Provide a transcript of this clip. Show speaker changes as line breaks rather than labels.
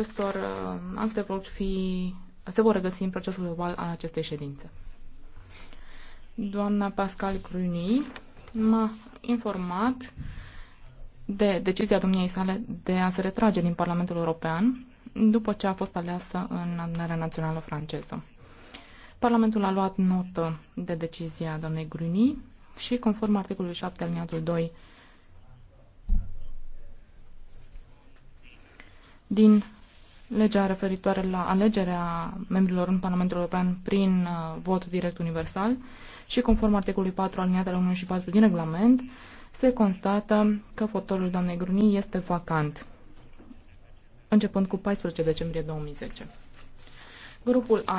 acestor uh, acte vor fi, se vor regăsi în procesul global al acestei ședințe. Doamna Pascal Cruni m-a informat de decizia domniei sale de a se retrage din Parlamentul European după ce a fost aleasă în adunarea națională franceză. Parlamentul a luat notă de decizia doamnei Gruni și, conform articolului 7 al 2 din legea referitoare la alegerea membrilor în Parlamentul European prin uh, vot direct universal și conform articolului 4 aliniatele 1 și 4 din regulament, se constată că fotorul doamnei Gruni este vacant, începând cu 14 decembrie 2010. Grupul A